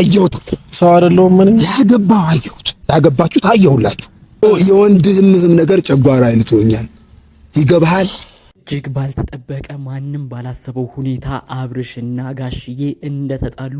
አየሁት እኮ ሰው አይደለሁም። ምን ያገባው አየሁት፣ ያገባችሁት አየሁላችሁ። የወንድምህም ነገር ጨጓራ አይነት ሆኛል። ይገባሃል እጅግ ባልተጠበቀ ማንም ባላሰበው ሁኔታ አብርሽ እና ጋሽዬ እንደተጣሉ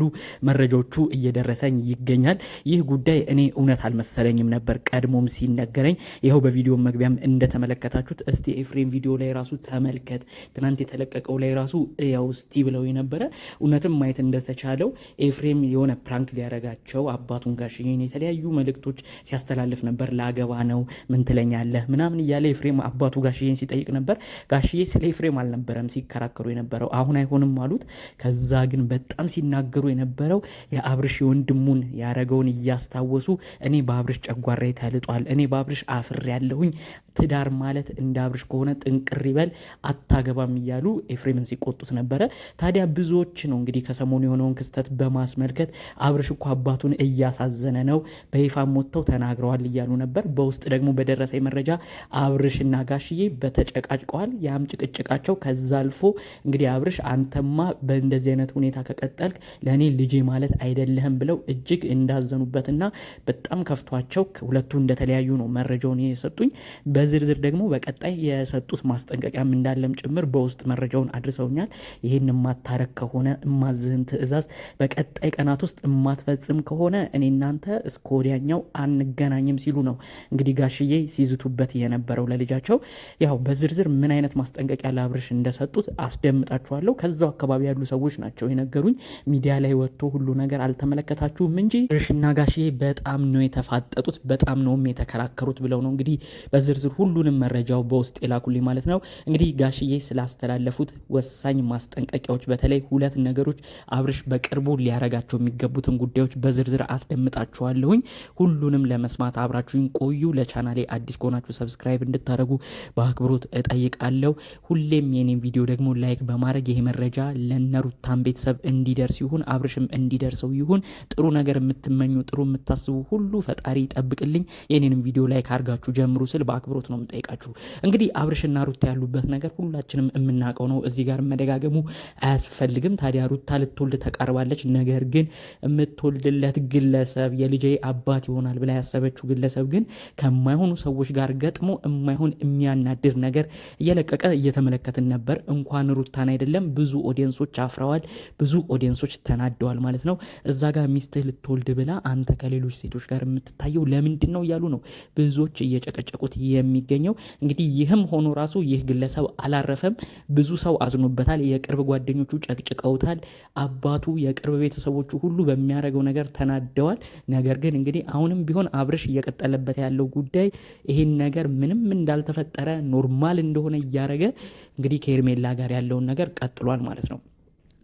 መረጃዎቹ እየደረሰኝ ይገኛል። ይህ ጉዳይ እኔ እውነት አልመሰለኝም ነበር ቀድሞም ሲነገረኝ። ይኸው በቪዲዮ መግቢያም እንደተመለከታችሁት እስቲ ኤፍሬም ቪዲዮ ላይ ራሱ ተመልከት፣ ትናንት የተለቀቀው ላይ ራሱ ያው እስቲ ብለው የነበረ እውነትም ማየት እንደተቻለው ኤፍሬም የሆነ ፕራንክ ሊያረጋቸው አባቱን ጋሽዬን የተለያዩ መልእክቶች ሲያስተላልፍ ነበር። ላገባ ነው ምን ትለኛለህ ምናምን እያለ ኤፍሬም አባቱ ጋሽዬን ሲጠይቅ ነበር ጋሽ ጋሽዬ ስለ ኤፍሬም አልነበረም ሲከራከሩ የነበረው አሁን አይሆንም አሉት። ከዛ ግን በጣም ሲናገሩ የነበረው የአብርሽ የወንድሙን ያረገውን እያስታወሱ እኔ በአብርሽ ጨጓራ ተልጧል፣ እኔ በአብርሽ አፍሬ ያለሁኝ ትዳር ማለት እንደ አብርሽ ከሆነ ጥንቅር ይበል አታገባም እያሉ ኤፍሬምን ሲቆጡት ነበረ። ታዲያ ብዙዎች ነው እንግዲህ ከሰሞኑ የሆነውን ክስተት በማስመልከት አብርሽ እኮ አባቱን እያሳዘነ ነው በይፋም ወጥተው ተናግረዋል እያሉ ነበር። በውስጥ ደግሞ በደረሰ መረጃ አብርሽና ጋሽዬ በተጨቃጭቀዋል። ያም ጭቅጭቃቸው ከዛ አልፎ እንግዲህ አብርሽ አንተማ በእንደዚህ አይነት ሁኔታ ከቀጠልክ ለእኔ ልጄ ማለት አይደለህም ብለው እጅግ እንዳዘኑበትና በጣም ከፍቷቸው ሁለቱ እንደተለያዩ ነው መረጃውን የሰጡኝ። በዝርዝር ደግሞ በቀጣይ የሰጡት ማስጠንቀቂያም እንዳለም ጭምር በውስጥ መረጃውን አድርሰውኛል። ይህን የማታረግ ከሆነ እማዝህን ትዕዛዝ በቀጣይ ቀናት ውስጥ የማትፈጽም ከሆነ እኔ እናንተ እስከ ወዲያኛው አንገናኝም ሲሉ ነው እንግዲህ ጋሽዬ ሲዝቱበት የነበረው ለልጃቸው ያው በዝርዝር ምን አይነት ማስጠ ማስጠንቀቂያ ለአብርሽ እንደሰጡት አስደምጣችኋለሁ። ከዛው አካባቢ ያሉ ሰዎች ናቸው የነገሩኝ። ሚዲያ ላይ ወጥቶ ሁሉ ነገር አልተመለከታችሁም እንጂ ብርሽና ጋሽዬ በጣም ነው የተፋጠጡት፣ በጣም ነውም የተከራከሩት ብለው ነው እንግዲህ በዝርዝር ሁሉንም መረጃው በውስጥ የላኩልኝ ማለት ነው። እንግዲህ ጋሽዬ ስላስተላለፉት ወሳኝ ማስጠንቀቂያዎች፣ በተለይ ሁለት ነገሮች አብርሽ በቅርቡ ሊያረጋቸው የሚገቡትን ጉዳዮች በዝርዝር አስደምጣችኋለሁኝ። ሁሉንም ለመስማት አብራችሁኝ ቆዩ። ለቻናሌ አዲስ ከሆናችሁ ሰብስክራይብ እንድታደረጉ በአክብሮት እጠይቃለሁ። ሁሌም የኔም ቪዲዮ ደግሞ ላይክ በማድረግ ይሄ መረጃ ለነሩታን ቤተሰብ እንዲደርስ ይሁን፣ አብርሽም እንዲደርሰው ይሁን። ጥሩ ነገር የምትመኙ ጥሩ የምታስቡ ሁሉ ፈጣሪ ይጠብቅልኝ። የኔንም ቪዲዮ ላይክ አድርጋችሁ ጀምሩ ስል በአክብሮት ነው የምጠይቃችሁ። እንግዲህ አብርሽና ሩታ ያሉበት ነገር ሁላችንም የምናውቀው ነው። እዚህ ጋር መደጋገሙ አያስፈልግም። ታዲያ ሩታ ልትወልድ ተቃርባለች። ነገር ግን የምትወልድለት ግለሰብ የልጄ አባት ይሆናል ብላ ያሰበችው ግለሰብ ግን ከማይሆኑ ሰዎች ጋር ገጥሞ የማይሆን የሚያናድር ነገር እየለቀቀ እየተመለከትን ነበር። እንኳን ሩታን አይደለም ብዙ ኦዲየንሶች አፍረዋል፣ ብዙ ኦዲየንሶች ተናደዋል ማለት ነው። እዛ ጋር ሚስትህ ልትወልድ ብላ አንተ ከሌሎች ሴቶች ጋር የምትታየው ለምንድን ነው እያሉ ነው ብዙዎች እየጨቀጨቁት የሚገኘው። እንግዲህ ይህም ሆኖ ራሱ ይህ ግለሰብ አላረፈም። ብዙ ሰው አዝኖበታል። የቅርብ ጓደኞቹ ጨቅጭቀውታል። አባቱ፣ የቅርብ ቤተሰቦቹ ሁሉ በሚያደርገው ነገር ተናደዋል። ነገር ግን እንግዲህ አሁንም ቢሆን አብርሽ እየቀጠለበት ያለው ጉዳይ ይህን ነገር ምንም እንዳልተፈጠረ ኖርማል እንደሆነ እያረገ እያደረገ እንግዲህ ከሄርሜላ ጋር ያለውን ነገር ቀጥሏል ማለት ነው።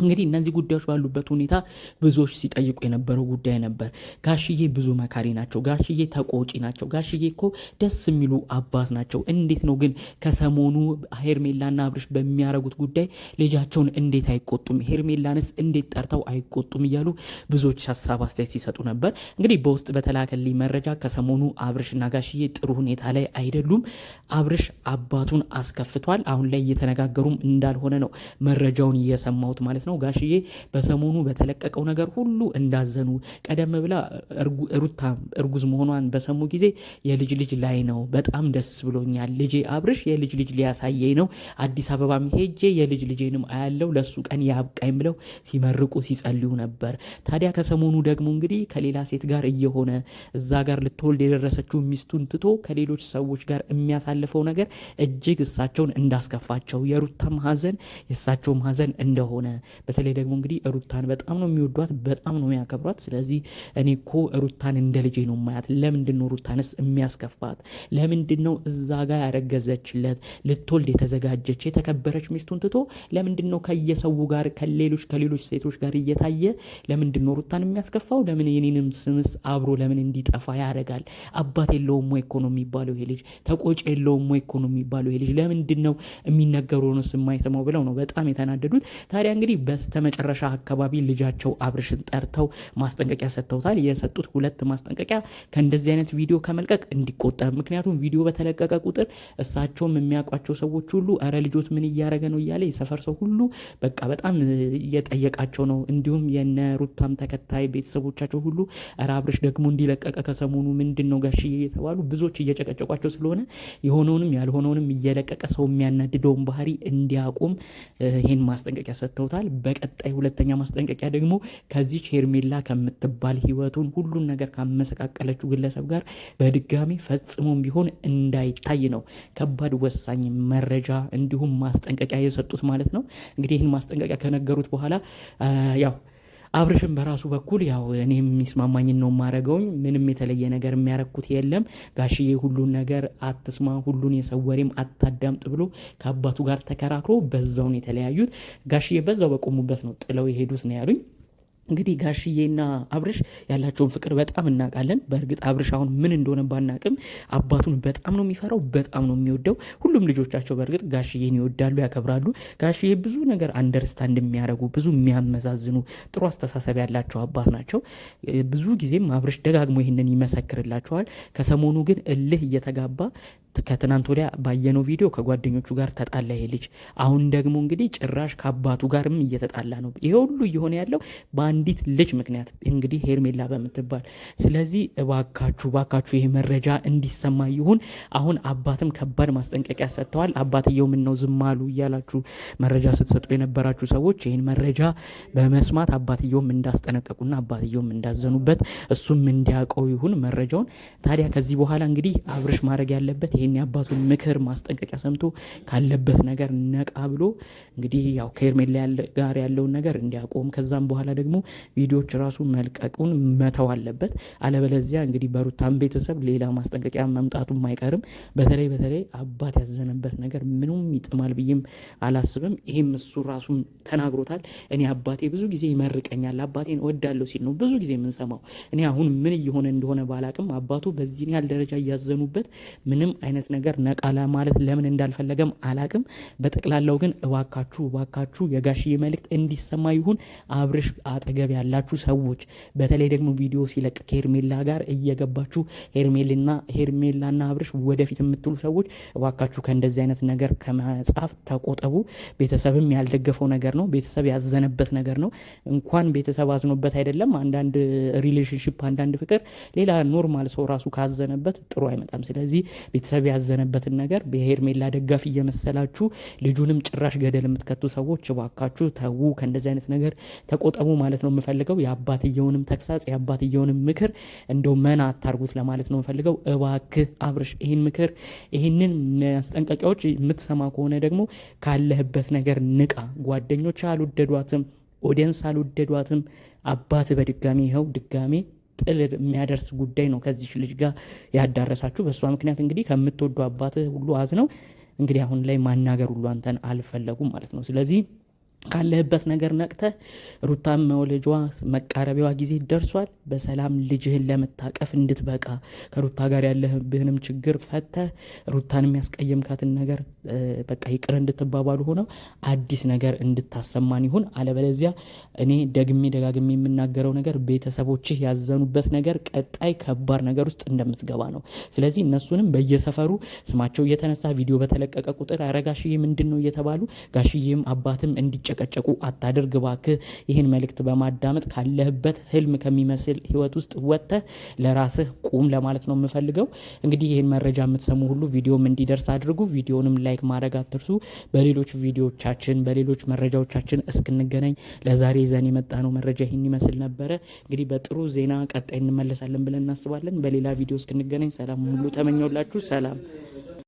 እንግዲህ እነዚህ ጉዳዮች ባሉበት ሁኔታ ብዙዎች ሲጠይቁ የነበረው ጉዳይ ነበር። ጋሽዬ ብዙ መካሪ ናቸው፣ ጋሽዬ ተቆጪ ናቸው፣ ጋሽዬ እኮ ደስ የሚሉ አባት ናቸው። እንዴት ነው ግን ከሰሞኑ ሄርሜላና አብርሽ በሚያረጉት ጉዳይ ልጃቸውን እንዴት አይቆጡም? ሄርሜላንስ እንዴት ጠርተው አይቆጡም? እያሉ ብዙዎች ሀሳብ አስተያየት ሲሰጡ ነበር። እንግዲህ በውስጥ በተላከልኝ መረጃ ከሰሞኑ አብርሽና ጋሽዬ ጥሩ ሁኔታ ላይ አይደሉም። አብርሽ አባቱን አስከፍቷል። አሁን ላይ እየተነጋገሩም እንዳልሆነ ነው መረጃውን እየሰማሁት ማለት ማለት ነው ጋሽዬ በሰሞኑ በተለቀቀው ነገር ሁሉ እንዳዘኑ ቀደም ብላ ሩታ እርጉዝ መሆኗን በሰሙ ጊዜ የልጅ ልጅ ላይ ነው በጣም ደስ ብሎኛል። ልጄ አብርሽ የልጅ ልጅ ሊያሳየኝ ነው። አዲስ አበባም ሄጄ የልጅ ልጄንም አያለው ለሱ ቀን ያብቃኝ ብለው ሲመርቁ ሲጸልዩ ነበር። ታዲያ ከሰሞኑ ደግሞ እንግዲህ ከሌላ ሴት ጋር እየሆነ እዛ ጋር ልትወልድ የደረሰችው ሚስቱን ትቶ ከሌሎች ሰዎች ጋር የሚያሳልፈው ነገር እጅግ እሳቸውን እንዳስከፋቸው የሩታም ሐዘን የእሳቸውም ሀዘን እንደሆነ በተለይ ደግሞ እንግዲህ ሩታን በጣም ነው የሚወዷት፣ በጣም ነው የሚያከብሯት። ስለዚህ እኔ እኮ ሩታን እንደ ልጄ ነው ማያት። ለምንድን ነው ሩታንስ የሚያስከፋት? ለምንድን ነው እዛ ጋር ያረገዘችለት ልትወልድ የተዘጋጀች የተከበረች ሚስቱን ትቶ ለምንድን ነው ከየሰው ጋር ከሌሎች ከሌሎች ሴቶች ጋር እየታየ ለምንድን ነው ሩታን የሚያስከፋው? ለምን የኔንም ስምስ አብሮ ለምን እንዲጠፋ ያደርጋል? አባት የለውም ወይ እኮ ነው የሚባለው ይሄ ልጅ፣ ተቆጭ የለውም ወይ እኮ ነው የሚባለው ይሄ ልጅ። ለምንድን ነው የሚነገረውን የማይሰማው ብለው ነው በጣም የተናደዱት። ታዲያ እንግዲህ በስተመጨረሻ አካባቢ ልጃቸው አብርሽን ጠርተው ማስጠንቀቂያ ሰጥተውታል። የሰጡት ሁለት ማስጠንቀቂያ ከእንደዚህ አይነት ቪዲዮ ከመልቀቅ እንዲቆጠብ፣ ምክንያቱም ቪዲዮ በተለቀቀ ቁጥር እሳቸውም የሚያውቋቸው ሰዎች ሁሉ እረ ልጆት ምን እያደረገ ነው እያለ የሰፈር ሰው ሁሉ በቃ በጣም እየጠየቃቸው ነው። እንዲሁም የነ ሩታም ተከታይ ቤተሰቦቻቸው ሁሉ እረ አብርሽ ደግሞ እንዲለቀቀ ከሰሞኑ ምንድን ነው ጋሽዬ እየተባሉ ብዙዎች እየጨቀጨቋቸው ስለሆነ የሆነውንም ያልሆነውንም እየለቀቀ ሰው የሚያናድደውን ባህሪ እንዲያቁም ይህን ማስጠንቀቂያ ሰጥተውታል። በቀጣይ ሁለተኛ ማስጠንቀቂያ ደግሞ ከዚች ሄርሜላ ከምትባል ህይወቱን ሁሉን ነገር ካመሰቃቀለችው ግለሰብ ጋር በድጋሚ ፈጽሞም ቢሆን እንዳይታይ ነው ከባድ ወሳኝ መረጃ እንዲሁም ማስጠንቀቂያ የሰጡት ማለት ነው። እንግዲህ ይህን ማስጠንቀቂያ ከነገሩት በኋላ ያው አብርሽም በራሱ በኩል ያው እኔ የሚስማማኝን ነው ማረገውኝ ምንም የተለየ ነገር የሚያረግኩት የለም ጋሽዬ፣ ሁሉን ነገር አትስማ፣ ሁሉን የሰው ወሬም አታዳምጥ ብሎ ከአባቱ ጋር ተከራክሮ በዛውን የተለያዩት ጋሽዬ በዛው በቆሙበት ነው ጥለው የሄዱት ነው ያሉኝ። እንግዲህ ጋሽዬና አብርሽ ያላቸውን ፍቅር በጣም እናውቃለን። በእርግጥ አብርሽ አሁን ምን እንደሆነ ባናቅም አባቱን በጣም ነው የሚፈራው፣ በጣም ነው የሚወደው። ሁሉም ልጆቻቸው በእርግጥ ጋሽዬን ይወዳሉ፣ ያከብራሉ። ጋሽዬ ብዙ ነገር አንደርስታንድ የሚያደርጉ ብዙ የሚያመዛዝኑ ጥሩ አስተሳሰብ ያላቸው አባት ናቸው። ብዙ ጊዜም አብርሽ ደጋግሞ ይህንን ይመሰክርላቸዋል። ከሰሞኑ ግን እልህ እየተጋባ ከትናንት ወዲያ ባየነው ቪዲዮ ከጓደኞቹ ጋር ተጣላ ይሄ ልጅ። አሁን ደግሞ እንግዲህ ጭራሽ ከአባቱ ጋርም እየተጣላ ነው። ይሄ ሁሉ እየሆነ ያለው በአንዲት ልጅ ምክንያት እንግዲህ ሄርሜላ በምትባል ስለዚህ እባካችሁ ባካችሁ ይህ መረጃ እንዲሰማ ይሁን። አሁን አባትም ከባድ ማስጠንቀቂያ ሰጥተዋል። አባትየው ምን ነው ዝም አሉ እያላችሁ መረጃ ስትሰጡ የነበራችሁ ሰዎች ይህን መረጃ በመስማት አባትየውም እንዳስጠነቀቁና አባትየውም እንዳዘኑበት እሱም እንዲያውቀው ይሁን መረጃውን። ታዲያ ከዚህ በኋላ እንግዲህ አብርሽ ማድረግ ያለበት ይህን የአባቱን ምክር ማስጠንቀቂያ ሰምቶ ካለበት ነገር ነቃ ብሎ እንግዲህ ያው ከሄርሜላ ጋር ያለውን ነገር እንዲያቆም ከዛም በኋላ ደግሞ ቪዲዮዎች ራሱ መልቀቁን መተው አለበት። አለበለዚያ እንግዲህ በሩታን ቤተሰብ ሌላ ማስጠንቀቂያ መምጣቱ አይቀርም። በተለይ በተለይ አባት ያዘነበት ነገር ምንም ይጥማል ብዬም አላስብም። ይሄም እሱ ራሱ ተናግሮታል። እኔ አባቴ ብዙ ጊዜ ይመርቀኛል፣ አባቴን እወዳለሁ ሲል ነው ብዙ ጊዜ የምንሰማው። እኔ አሁን ምን እየሆነ እንደሆነ ባላቅም አባቱ በዚህን ያህል ደረጃ እያዘኑበት ምንም አይነት ነገር ነቃላ ማለት ለምን እንዳልፈለገም አላቅም። በጠቅላላው ግን እባካችሁ እባካችሁ የጋሽዬ መልእክት እንዲሰማ ይሁን አብርሽ አጠ አጠገብ ያላችሁ ሰዎች በተለይ ደግሞ ቪዲዮ ሲለቅ ከሄርሜላ ጋር እየገባችሁ ሄርሜልና ሄርሜላና አብርሽ ወደፊት የምትሉ ሰዎች እባካችሁ ከእንደዚህ አይነት ነገር ከመጻፍ ተቆጠቡ። ቤተሰብም ያልደገፈው ነገር ነው። ቤተሰብ ያዘነበት ነገር ነው። እንኳን ቤተሰብ አዝኖበት አይደለም። አንዳንድ ሪሌሽንሽፕ፣ አንዳንድ ፍቅር፣ ሌላ ኖርማል ሰው ራሱ ካዘነበት ጥሩ አይመጣም። ስለዚህ ቤተሰብ ያዘነበትን ነገር በሄርሜላ ደጋፊ እየመሰላችሁ ልጁንም ጭራሽ ገደል የምትከቱ ሰዎች እባካችሁ ተዉ፣ ከእንደዚህ አይነት ነገር ተቆጠቡ ማለት ነው። ነው የምፈልገው። የአባትየውንም ተግሳጽ የአባትየውንም ምክር እንደው መና አታርጉት ለማለት ነው የምፈልገው። እባክህ አብርሽ ይህን ምክር ይህንን ማስጠንቀቂያዎች የምትሰማ ከሆነ ደግሞ ካለህበት ነገር ንቃ። ጓደኞች አልወደዷትም፣ ኦዲየንስ አልወደዷትም። አባት በድጋሚ ይኸው ድጋሜ ጥል የሚያደርስ ጉዳይ ነው ከዚች ልጅ ጋር ያዳረሳችሁ። በእሷ ምክንያት እንግዲህ ከምትወዱ አባትህ ሁሉ አዝነው እንግዲህ አሁን ላይ ማናገር ሁሉ አንተን አልፈለጉም ማለት ነው። ስለዚህ ካለህበት ነገር ነቅተህ ሩታ መወለጇ መቃረቢያዋ ጊዜ ደርሷል። በሰላም ልጅህን ለመታቀፍ እንድትበቃ ከሩታ ጋር ያለብህንም ችግር ፈተህ ሩታን የሚያስቀየምካትን ነገር በቃ ይቅር እንድትባባሉ ሆነው አዲስ ነገር እንድታሰማን ይሁን። አለበለዚያ እኔ ደግሜ ደጋግሜ የምናገረው ነገር ቤተሰቦችህ ያዘኑበት ነገር ቀጣይ ከባድ ነገር ውስጥ እንደምትገባ ነው። ስለዚህ እነሱንም በየሰፈሩ ስማቸው እየተነሳ ቪዲዮ በተለቀቀ ቁጥር ኧረ ጋሽዬ ምንድን ነው እየተባሉ ጋሽዬም አባትም እንዲጨ እየተጨቀጨቁ አታድርግ ባክህ። ይህን መልእክት በማዳመጥ ካለህበት ህልም ከሚመስል ህይወት ውስጥ ወጥተህ ለራስህ ቁም ለማለት ነው የምፈልገው። እንግዲህ ይህን መረጃ የምትሰሙ ሁሉ ቪዲዮም እንዲደርስ አድርጉ። ቪዲዮንም ላይክ ማድረግ አትርሱ። በሌሎች ቪዲዮቻችን በሌሎች መረጃዎቻችን እስክንገናኝ ለዛሬ ይዘን የመጣ ነው መረጃ ይህን ይመስል ነበረ። እንግዲህ በጥሩ ዜና ቀጣይ እንመለሳለን ብለን እናስባለን። በሌላ ቪዲዮ እስክንገናኝ ሰላም ሁሉ ተመኘውላችሁ። ሰላም